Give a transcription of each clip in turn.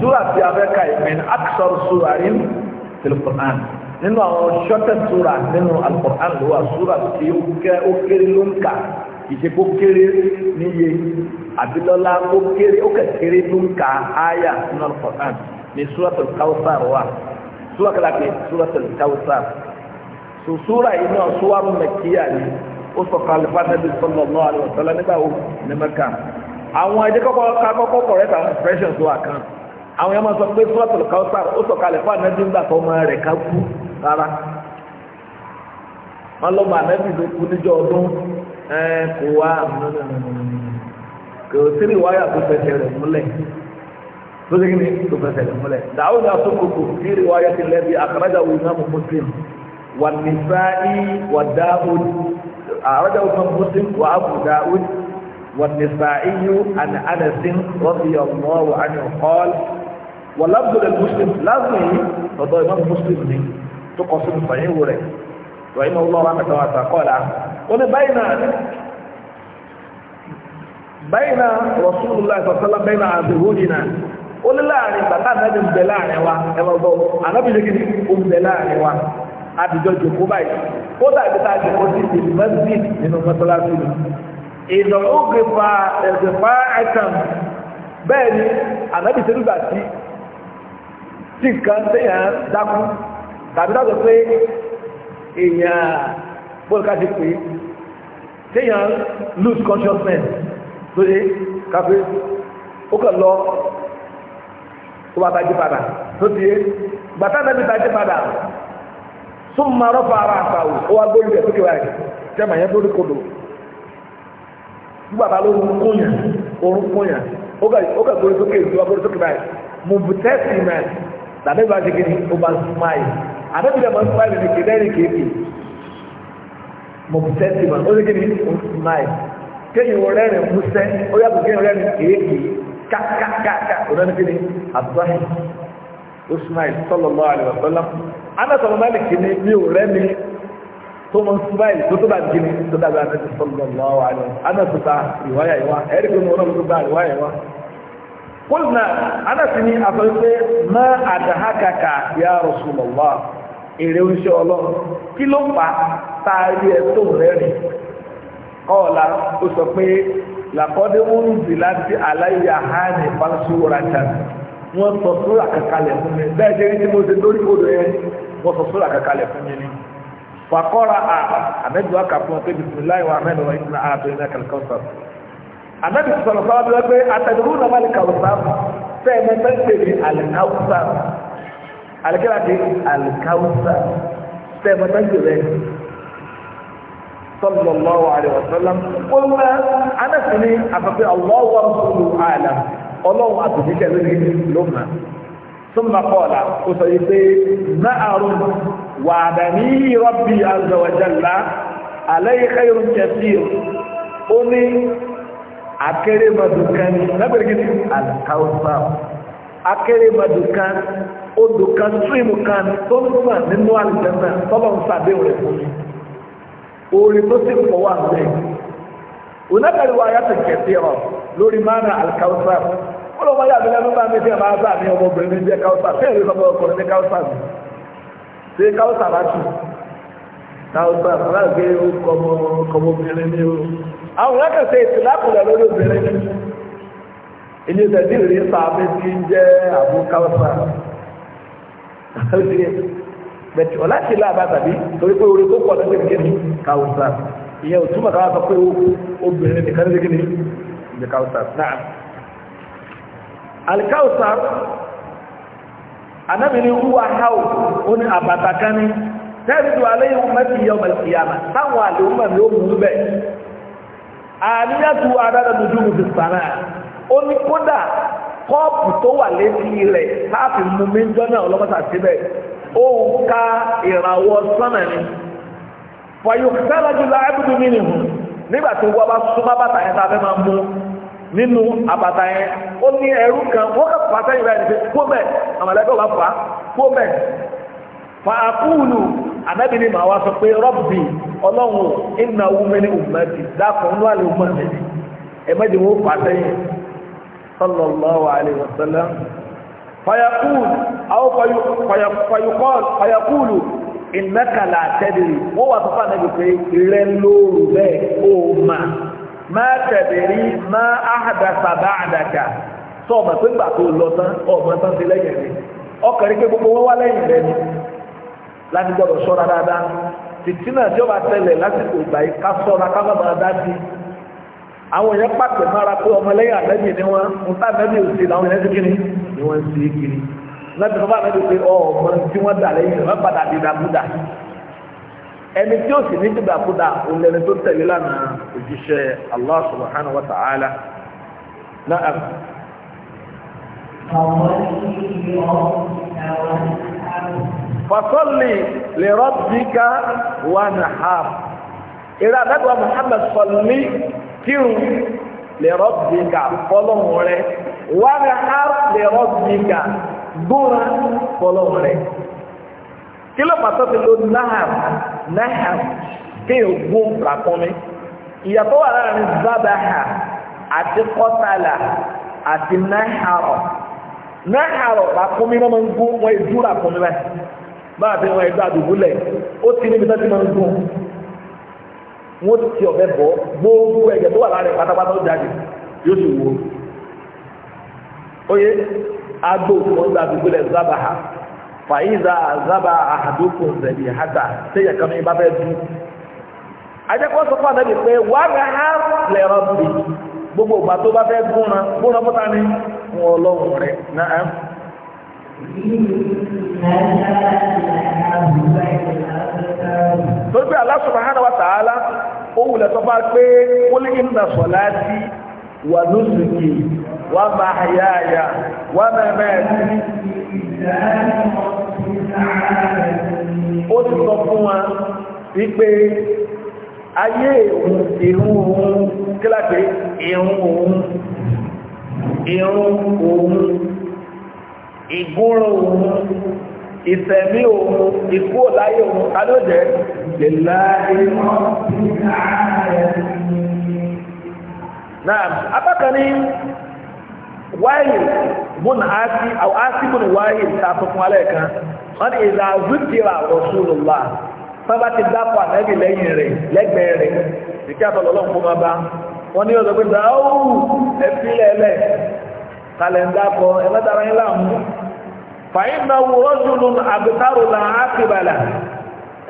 Súra tí a fẹ́ ka yìí mẹ́ni Aksar súra rí nínú Al-Qur'an. Nínú àwọn ṣọ́tẹ̀ súra nínú Al-Qur'an ló wà súra tí ó kéré ló ń kà. Ìṣe kó kéré níye àbílọ́lá ó kéré ó kéré ló ń kà áyà nínú Al-Qur'an ní súra tó Kawthar wà. Súra kàlàkì súra tó Kawthar. Sùsúra yìí náà súwárù Mẹ́kíyà ni ó sọ̀kalẹ̀ fanabi sallallahu alaihi wasallam nígbà wo ní mẹ́ka àwọn ẹ̀jẹ̀ kọ́kọ́ correct àwọn expressions wà kan àwọn yẹn máa sọ pé suratul Kawthar ó sọ̀kalẹ̀ fanabi nígbà tó ọmọ rẹ̀ ká kú rárá wọn lọ bá anabi ló kú níjọ́ ọdún ẹ kò wá kò sí ìwáyà tó fẹsẹ̀ rẹ̀ múlẹ̀ tó ṣe kí tó fẹsẹ̀ rẹ̀ múlẹ̀ dàwọn yà sọ kókò sí ìwáyà ti lẹ́bi akhrajahu Imam Muslim wà nísàáyí wà Dawud. أعرضه مسلم وأبو داود والنسائي عن أنس رضي الله عنه قال ولفظ للمسلم لفظه رضي الله مسلم تقسم صحيح وليه الله رحمة واسعة قال قل بين بين رسول الله صلى الله عليه وسلم بين عذهولنا قل لا يعني بقى نبي بلاني وا أنا بقول أنا àtijọ́ jòkó báyìí ó dàbí tá a jòkó sí yunifásitì nínú mọ́tòlásì ni ìdọ̀rọ̀ ògè fa ẹ̀sẹ̀ fa ẹ̀sẹ̀m bẹ́ẹ̀ ni ànábì sẹ́dúgbà tí tí nǹkan tẹ̀yàn dákú tàbí dájọ pé èèyàn bọ́ọ̀lù ká ti pè é tẹ̀yàn lose consciousness lóye káfíń ó kàn lọ ó bá bá jí padà tó ti yé gbàtà náà bí bá jí padà fún marọ́ fara àtàwò ó wá gbórí rẹ̀ sókè báyìí jẹ́mà yẹn tó rékodò bàbá ló ń kóyàn orún kóyàn ó kà gbórí sókè ìlú agbórí sókè báyìí mo bù tẹ́sí mẹ́ tàbí bá ṣe kéde ó bá smile àbẹ́bí dẹ̀ mọ́ smile ní kéde ní kéde mo bù tẹ́sí mẹ́ ó ṣe kéde ó smile kéyìn wọ rẹ́rìn músẹ́ ó yàtọ̀ kéyìn rẹ́rìn kéde kákákáká ó rẹ́rìn kéde àbúrò usman sallallahu alaihi wasallam ana sọ̀rọ̀ máa lè kíni mi ò rẹ́mi tó mọ smile tó tó bá kíni tó dàgbà anabi sallallahu alaihi wasallam ana tó ta ìwáyà ìwá ẹ̀rí pé mo rọ̀ tó bá ìwáyà ìwá. kúlùnà ana sì ní àfẹ́fẹ́ má àdáhàkàkà ya rasulullah èrè oṣù ọlọ́run kí ló fà tá a rí ẹ tó rẹ́rìn kọ́ọ̀la ó sọ pé làkọ́dé ń zìlá sí aláìyá hánì fásúwòrán tàbí wọ́n sọ sóra kankalẹ̀ fún mi bẹ́ẹ̀ ṣe ní tí mo ṣe lórí odò yẹn wọ́n sọ sóra kankalẹ̀ fún mi ni fakọ́ra a amẹ́jọ aka fún ọ pé bisimilayi wa amẹ́nu wa ìdúná a tó iná kàlùkà ọ̀sán amẹ́bi sọ̀rọ̀ sọ́wọ́ bí wọ́n pé atẹ̀dúró náà wà ní kàwùsà fẹ́ẹ̀ mẹ́fẹ́ ń tẹ̀lé àlìkàwùsà àlìkàlà ti àlìkàwùsà fẹ́ẹ̀ mẹ́fẹ́ ń tẹ̀lé sallallahu alaihi wasallam qulna ana sini afafi allah wa rasuluhu alam ọlọ́run àtòjíṣẹ́ lórí ló mà súnmọ́ kọ́ọ̀lá ó sọ yìí pé máàrún wàdà ní rọ́bì azọ̀wọ̀jẹ̀lá aláìkẹ́rù kẹfì ó ní akérèmọdù kan ní lábẹ́rẹ́ kí alákàwùsà akérèmọdù kan odò kan túwìmù kan tó ń sàn nínú àlùjẹ́nà tọ́lọ́ ń sàdéhùn tó sì pọ̀ wà lórí mánà alákàwùsà ọlọ́mọ yà mí lẹ́nu máa mi tẹ́ máa bá mi ọmọbìnrin mi jẹ́ káwùsà fẹ́ẹ̀rẹ́ lọ́mọ ọkùnrin mi káwùsà mi ṣé káwùsà bá tù káwùsà fúláàgé kọmọ kọmọbìnrin mi o àwọn akẹ́sẹ̀ ìtìlákùnrin lórí obìnrin mi ilé ìtẹ̀sí rèé sàmì ti ń jẹ́ àbú káwùsà bẹ̀tì ọ̀la ti láàbá tàbí torí pé orí tó pọ̀ lọ́sẹ̀ nìkan ní káwùsà ìyẹn ò túmọ̀ káwá sọ pé obìnrin nìkan ní alkausar anabini huwa hau ó ní àbàtà kan ní tẹ́rìdù aléyìn mẹ́tì yọ mẹ́tìyàmà táwọn àlèhùnmọ̀ mi ó mú bẹ́ẹ̀ àníyàtú adára dúdú mi ti sànà ó ní kódà kọ́ọ̀pù tó wà létí rẹ̀ láti mú mi ń jọ́nà ọlọ́mọ́sà síbẹ̀ ka ìràwọ̀ sánà ni fọyọ̀kẹ́lẹ́jù láàbùdù mi nìhùn nígbà tí wọ́n bá súnmọ́ bàtà yẹn tá a fẹ́ máa mú nínú àbàtà yẹn ó ní ẹrú kan wọ́n kà fà sẹ́yìn báyìí pé kó bẹ́ẹ̀ àwọn fà kó bẹ́ẹ̀ fà ni màá wá sọ pé rọ́bì ọlọ́run ìnà ní àlè ẹ̀mẹ́jì wọn sallallahu alaihi wasallam fayakul aw fayakul fayakul ìnàkàlà àtẹ́dìrì wọ́n wà sọ fún ànábì pé ìrẹ́ bẹ́ẹ̀ ó máa máa na máa àdàfà bá àdàkà tó ọmọ pé gbà tó lọ tán ọmọ tán ti lẹ́yìn rẹ̀ pé gbogbo wọn wá lẹ́yìn rẹ̀ ni láti gbọ́dọ̀ ṣọ́ra dáadáa tí ó bá tẹ̀lẹ̀ lásìkò ìgbà yìí ká ṣọ́ra ká má dá sí i àwọn èèyàn pàtẹ mára pé ni tá òsì làwọn èèyàn ti kiri ni ń kiri láti pé ọmọ tí wọ́n dà lẹ́yìn rẹ̀ ẹni tí ó sì ní dìgbàkúdà òun lẹni tó tẹ̀lé lánàá òjíṣẹ́ Allah subhanahu wa ta'ala náà. Fasọ́lì lè rọ́bìkà wà nàá. Ìrẹ́ àdágbà Muhammad sọ̀lì kírun lè rọ́bìkà fọ́lọ́hùn rẹ̀. Wà nàá lè rọ́bìkà gbóra fọ́lọ́hùn rẹ̀. Kí ló pàtó ti náà? náà kéèyàn gbó ràkúnmí ìyàtọ̀ wà láàrin zabaha àti kọ́tàlà àti náhàrọ̀ náhàrọ̀ ràkúnmí náà máa ń gún wọn èdú ràkúnmí báyìí báà bí wọn ẹgbẹ́ àdùgbúlẹ̀ ó ti níbi tó ti máa ń gún wọn ti ọ̀bẹ bọ̀ gbogbo ẹ̀jẹ̀ tó wà láàrin pátápátá ó jáde yóò sì wúwo. oye agbo wọn gba àdùgbúlẹ̀ zabaha fàyíza zaba àdókò zẹbi hata sẹyà kan ní bàbá ẹdú ajẹkọ sọfọ àdàbí pé wà á ha lẹrọ bi gbogbo ìgbà tó bá fẹ́ gúnra gúnra fúnta ni wọn Ọlọ́run rẹ náà. torí pé Allah subhanahu wa ta'ala ó wulẹ̀ sọ́fà pé qul inna salati wa nusuki wa mahyaya wa mamati. ó ti sọ fún wa wípé ayé ohun ìrún òun kíláàpé ìrún òun ìrún òun ìgúnrún òun ìsẹ̀mí òun ikú òláyé òun alójẹ́ lè láàrin náà apákan ní wáyé bùn àti àwọn àti bùn wáyé ta fúnfún alẹ́ kan wọ́n ní ìlà zùkìrà rasulullah sábà ti dápọ̀ ànábì lẹ́yìn rẹ̀ lẹ́gbẹ̀ẹ́ rẹ̀ ìkẹ́ àtọ̀lọ́lọ́n fún ọba wọ́n ní ọ̀dọ̀ pé dáhù ẹ̀fílẹ̀ ẹlẹ̀ kàlẹ̀ndà kọ ẹ̀mẹ́tara yín láàmú fàyín náà wò rọ́jùlù àbítárò là ákìbàlà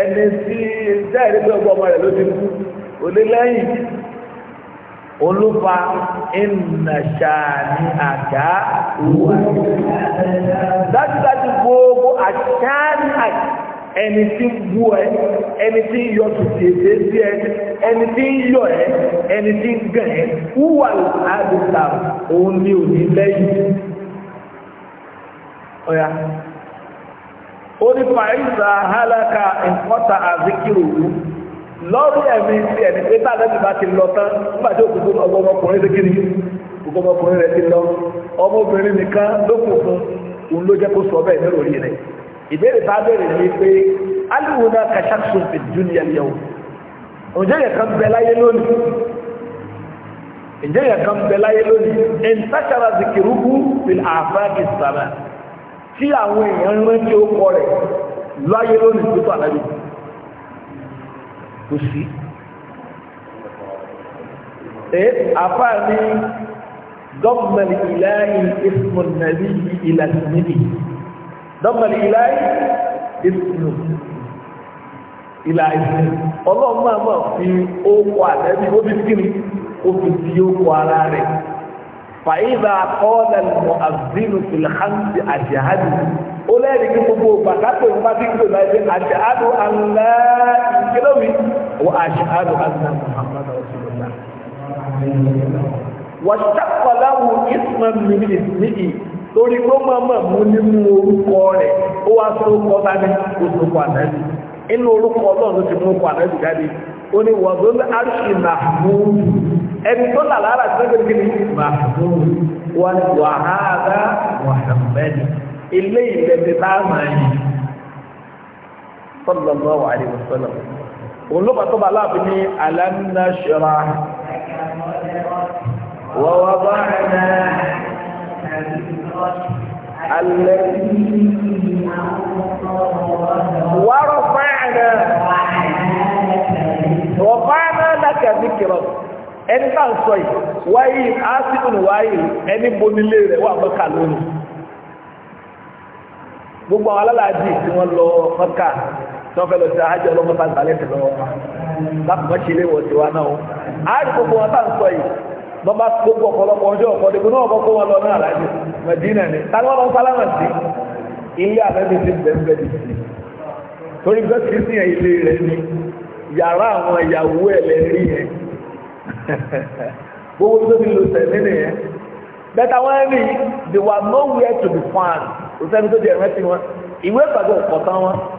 ẹni tí ìjẹ́ ti olùfà ìnàṣàní àdá wà. dájúdájú gbogbo àṣàní àdá ẹni tí ń bú ẹ ẹni tí ń yọ tòtì èdè sí ẹ ẹni tí ń yọ ẹ ẹni tí ń gàn ẹ wúwà àdùsà òun ni ò ní lẹ́yìn. ọ̀yà ó ní fàáyìsà hálàkà ìkọ́ta àzíkìrò lọ́rùn ẹ̀mí ti ẹ̀mí pé tá àdẹ́bí bá ti lọ tán nígbà tí òkùnkùn ọgbọ ọmọkùnrin ti kiri òkùnkùn ọmọkùnrin rẹ̀ ti lọ ọmọbìnrin nìkan ló kù fún òun ló jẹ́ kó sọ bẹ́ẹ̀ mẹ́rọ orí rẹ̀ ìbéèrè bá bẹ̀rẹ̀ ní pé aliwo náà kàṣà sùn fi júnìyà yẹ o ǹjẹ́ yẹ kan bẹ láyé lónìí ǹjẹ́ yẹ kan bẹ láyé lónìí ẹ̀ńtàkàrà zikirúkú fi àfáàkì sàmà tí àwọn èèyàn rántí ó kọ rẹ̀ láyé lónìí tó tó àlàyé kò sí àfà ní dọ́mọ̀lì ìláyì ismù nàbí ìlànìbí dọ́mọ̀lì ìláyì ismù ìlàyì ọlọ́run máa mọ̀ fi ókò àtẹ́bí ó fi kíni ó fi tí ókò ara rẹ̀ fàyíbà kọ́ọ̀lẹ̀ mọ̀ àzínú ìlànìbí àjẹ́hádù ó lẹ́rìí kí gbogbo bàtà pé wọ́n bá ti gbé láti àjẹ́hádù àńlá kí ló wí wọ́n ashhadu anna muhammadar rasulullah wàṣàkọ̀ láwùn isman min ismihi torí pé ó máa mọ̀ mú nínú orúkọ rẹ̀ ó wá sí orúkọ bá ní orúkọ ànábì inú orúkọ ọlọ́run ló ti mú orúkọ ànábì jáde ó ní wọ́n tó ní arṣì mahmud ẹni tó là lára tí sallallahu alaihi wasallam òun ló bá tó bá láàbí ní alam nashrah wa wada'na الذي ورفعنا رفعنا لك ذكرك ẹni tá ń sọ yìí wáyé ásìkùn wáyé ẹni bonilé rẹ̀ wà mọ́kà lónìí gbogbo àwọn alálàájì tí wọ́n lọ mọ́kà tó fẹ́ lọ sí ajé ọlọ́mọ bá gbà lẹ́sẹ̀ lọ́wọ́ lápùpọ̀ sí ilé ìwọ̀sí wa náà a rí gbogbo wọn tá ń sọ yìí lọ bá gbogbo ọ̀pọ̀lọpọ̀ ọjọ́ ọ̀pọ̀lọpọ̀ náà ọkọ̀ kó wọn lọ náà láti Mẹdínà ni ta ni wọn lọ sálámà sí ilé àbẹ́bí ti bẹ̀rẹ̀ ti sí torí bẹ́ẹ̀ kì í sí ilé rẹ̀ ni yàrá àwọn ìyàwó ẹ̀ lẹ́rí yẹn gbogbo tó ti lo tẹ̀lé nìyẹn bẹ́ẹ̀ táwọn ẹni they were nowhere to be found òsèǹtó di ẹ̀rẹ́ sí wọn ìwé ìpàgọ́ ọ̀pọ̀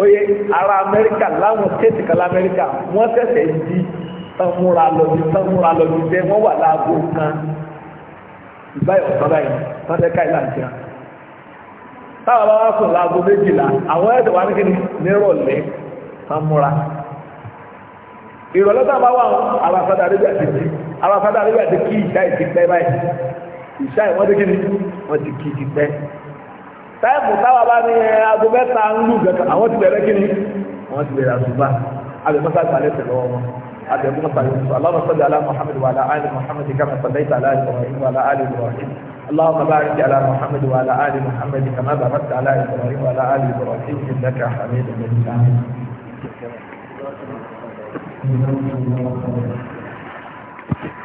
oye ara amẹ́ríkà láwọn stéètì kan lamẹ́ríkà wọ́n tẹ̀sẹ̀ di tánmúra lọ́bi tánmúra lọ́bi jẹ́ wọ́n wà láago kan ìbáyọ̀ sọ́dá yìí sọ́dẹ́ká ìlànà ìjìnà táwọn bá wá sùn láago méjìlá àwọn ẹ̀dọ̀ wá ní kíni nírọ̀lẹ́ tánmúra ìrọ̀lẹ́ táwọn bá wà àwọn afádà arábíà ti di àwọn afádà arábíà ti kí ìṣá ìtìpẹ́ báyìí ìṣá ìwọ́n ti kíni wọ́n ti kí ìtìpẹ́ táìpù táwa bá ní aago mẹ́ta ń lù gẹ̀gẹ̀ àwọn ti bẹ̀rẹ̀ kí ni àwọn ti bẹ̀rẹ̀ àdúgbà àbẹ̀mọ́sá ìgbàlẹ̀ tẹ̀lé ọmọ àbẹ̀mọ́sá ìgbàlẹ̀ اللهم صل على محمد وعلى آل محمد كما صليت على إبراهيم وعلى آل إبراهيم اللهم بارك على محمد وعلى آل محمد كما باركت على إبراهيم وعلى آل إبراهيم إنك حميد مجيد Thank you.